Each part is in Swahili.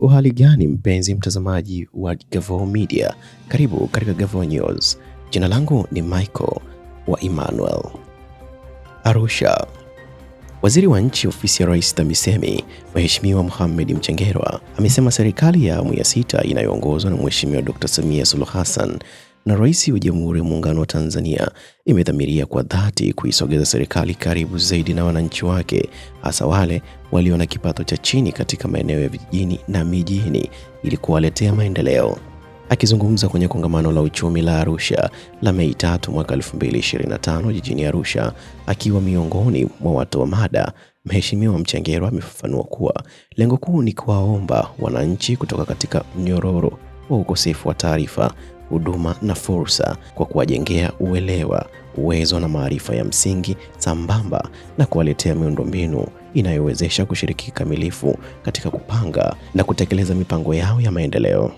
Uhali gani mpenzi mtazamaji wa Gavoo Media, karibu katika Gavoo News. Jina langu ni Michael wa Emmanuel. Arusha, waziri wa nchi ofisi ya Rais TAMISEMI Mheshimiwa Mohamed Mchengerwa amesema serikali ya awamu ya sita inayoongozwa na Mheshimiwa Dr. Samia Suluhu Hassan na Rais wa Jamhuri ya Muungano wa Tanzania imedhamiria kwa dhati kuisogeza serikali karibu zaidi na wananchi wake, hasa wale walio na kipato cha chini katika maeneo ya vijijini na mijini ili kuwaletea maendeleo. Akizungumza kwenye kongamano la uchumi la Arusha la Mei 3 mwaka 2025 jijini Arusha, akiwa miongoni mwa watoa mada, Mheshimiwa mchengerwa amefafanua kuwa lengo kuu ni kuwaomba wananchi kutoka katika mnyororo wa ukosefu wa taarifa huduma na fursa kwa kuwajengea uelewa, uwezo na maarifa ya msingi sambamba na kuwaletea miundombinu inayowezesha kushiriki kikamilifu katika kupanga na kutekeleza mipango yao ya maendeleo.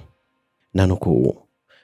Na nukuu,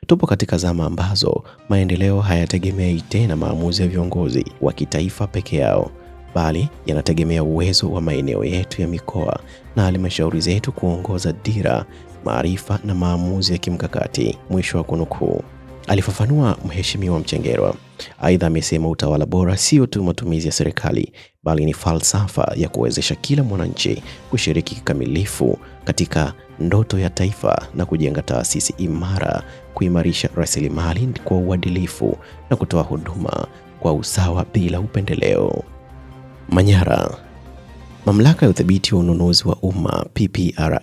tupo katika zama ambazo maendeleo hayategemei tena maamuzi ya viongozi wa kitaifa peke yao bali yanategemea uwezo wa maeneo yetu ya mikoa na halmashauri zetu kuongoza dira, maarifa na maamuzi ya kimkakati. Mwisho wa kunukuu, alifafanua Mheshimiwa Mchengerwa. Aidha, amesema utawala bora sio tu matumizi ya serikali, bali ni falsafa ya kuwezesha kila mwananchi kushiriki kikamilifu katika ndoto ya taifa na kujenga taasisi imara, kuimarisha rasilimali kwa uadilifu na kutoa huduma kwa usawa bila upendeleo. Manyara. Mamlaka ya udhibiti wa ununuzi wa umma PPRA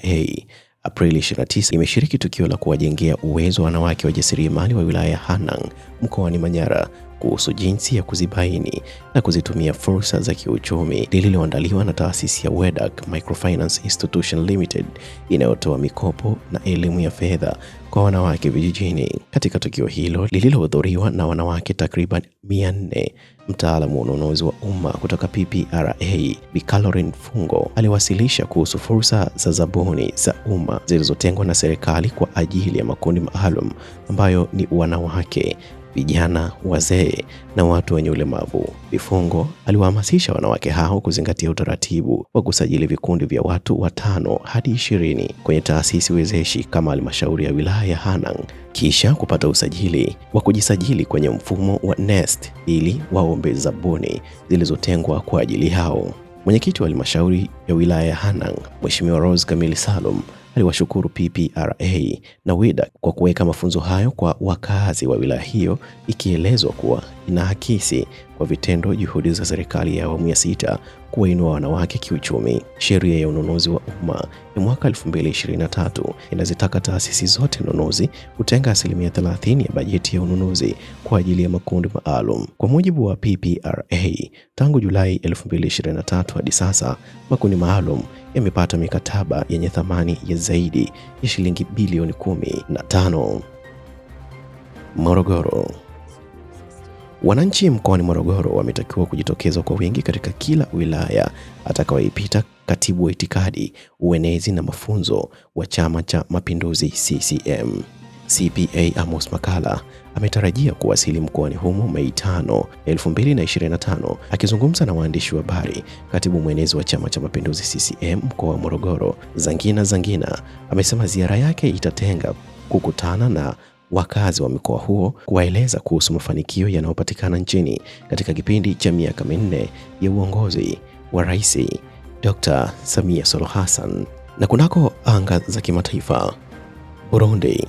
Aprili 29 imeshiriki tukio la kuwajengea uwezo wanawake wajasiriamali wa wilaya ya Hanang mkoani Manyara kuhusu jinsi ya kuzibaini na kuzitumia fursa za kiuchumi lililoandaliwa na taasisi ya WEDAC Microfinance Institution Limited inayotoa mikopo na elimu ya fedha kwa wanawake vijijini. Katika tukio hilo lililohudhuriwa na wanawake takriban 400, mtaalamu wa ununuzi wa umma kutoka PPRA Bi Caroline Fungo aliwasilisha kuhusu fursa za zabuni za umma zilizotengwa na serikali kwa ajili ya makundi maalum ambayo ni wanawake vijana, wazee na watu wenye ulemavu. Vifungo aliwahamasisha wanawake hao kuzingatia utaratibu wa kusajili vikundi vya watu watano hadi ishirini kwenye taasisi wezeshi kama halmashauri ya wilaya ya Hanang, kisha kupata usajili wa kujisajili kwenye mfumo wa NeST ili waombe zabuni zilizotengwa kwa ajili yao. Mwenyekiti wa halmashauri ya wilaya ya Hanang, Mheshimiwa Rose Kamili Salum aliwashukuru PPRA na wida kwa kuweka mafunzo hayo kwa wakazi wa wilaya hiyo, ikielezwa kuwa inaakisi kwa vitendo juhudi za serikali ya awamu ya sita kuwainua wanawake kiuchumi. Sheria ya ununuzi wa umma ya mwaka 2023 inazitaka taasisi zote nunuzi kutenga asilimia 30 ya bajeti ya ununuzi kwa ajili ya makundi maalum. Kwa mujibu wa PPRA, tangu Julai 2023 hadi sasa makundi maalum yamepata mikataba yenye thamani ya zaidi ya shilingi bilioni kumi na tano. Morogoro Wananchi mkoani Morogoro wametakiwa kujitokeza kwa wingi katika kila wilaya atakayoipita katibu wa itikadi, uenezi na mafunzo wa Chama cha Mapinduzi CCM. CPA Amos Makalla ametarajia kuwasili mkoani humo Mei 5, 2025. Akizungumza na waandishi wa habari, katibu mwenezi wa Chama cha Mapinduzi CCM mkoa wa Morogoro, Zangina Zangina, amesema ziara yake itatenga kukutana na wakazi wa mkoa huo kuwaeleza kuhusu mafanikio yanayopatikana nchini katika kipindi cha miaka minne ya uongozi wa Rais Dr. Samia Suluhu Hassan. Na kunako anga za kimataifa, Burundi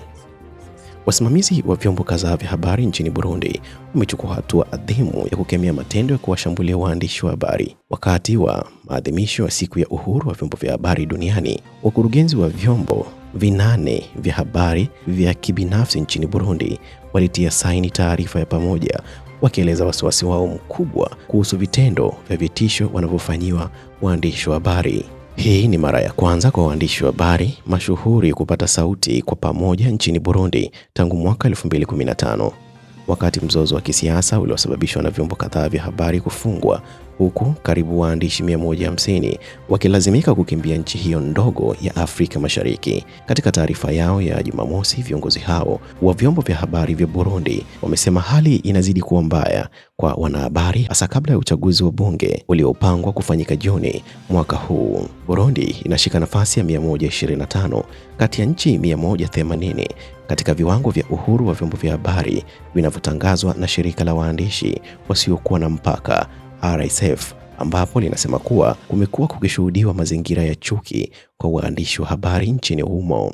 Wasimamizi wa vyombo kadhaa vya habari nchini Burundi wamechukua hatua adhimu ya kukemea matendo ya kuwashambulia waandishi wa habari wakati wa maadhimisho ya siku ya uhuru wa vyombo vya habari duniani. Wakurugenzi wa vyombo vinane vya habari vya kibinafsi nchini Burundi walitia saini taarifa ya pamoja wakieleza wasiwasi wao mkubwa kuhusu vitendo vya vitisho wanavyofanyiwa waandishi wa habari. Hii ni mara ya kwanza kwa waandishi wa habari mashuhuri kupata sauti kwa pamoja nchini Burundi tangu mwaka 2015 wakati mzozo wa kisiasa uliosababishwa na vyombo kadhaa vya habari kufungwa huku karibu waandishi 150 wakilazimika kukimbia nchi hiyo ndogo ya Afrika Mashariki. Katika taarifa yao ya Jumamosi, viongozi hao wa vyombo vya habari vya Burundi wamesema hali inazidi kuwa mbaya kwa wanahabari, hasa kabla ya uchaguzi wa bunge uliopangwa kufanyika Juni mwaka huu. Burundi inashika nafasi ya 125 kati ya nchi 180 katika viwango vya uhuru wa vyombo vya habari vinavyotangazwa na shirika la waandishi wasiokuwa na mpaka RSF ambapo linasema kuwa kumekuwa kukishuhudiwa mazingira ya chuki kwa waandishi wa habari nchini humo.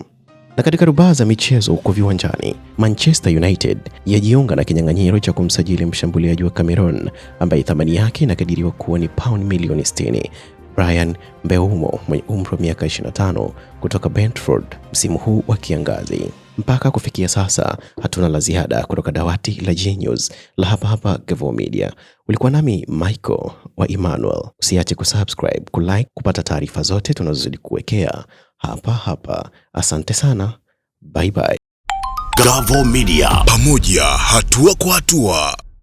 Na katika rubaa za michezo huko viwanjani, Manchester United yajiunga na kinyang'anyiro cha kumsajili mshambuliaji wa Cameroon ambaye thamani yake inakadiriwa kuwa ni pauni milioni 60 Brian Mbeumo mwenye umri wa miaka 25 kutoka Brentford msimu huu wa kiangazi. Mpaka kufikia sasa hatuna la ziada kutoka dawati la Genius la hapa hapa Gavoo Media. Ulikuwa nami Michael wa Emmanuel. Usiache kusubscribe, kulike kupata taarifa zote tunazozidi kuwekea hapa hapa. Asante sana, bye bye. Gavoo Media, pamoja hatua kwa hatua.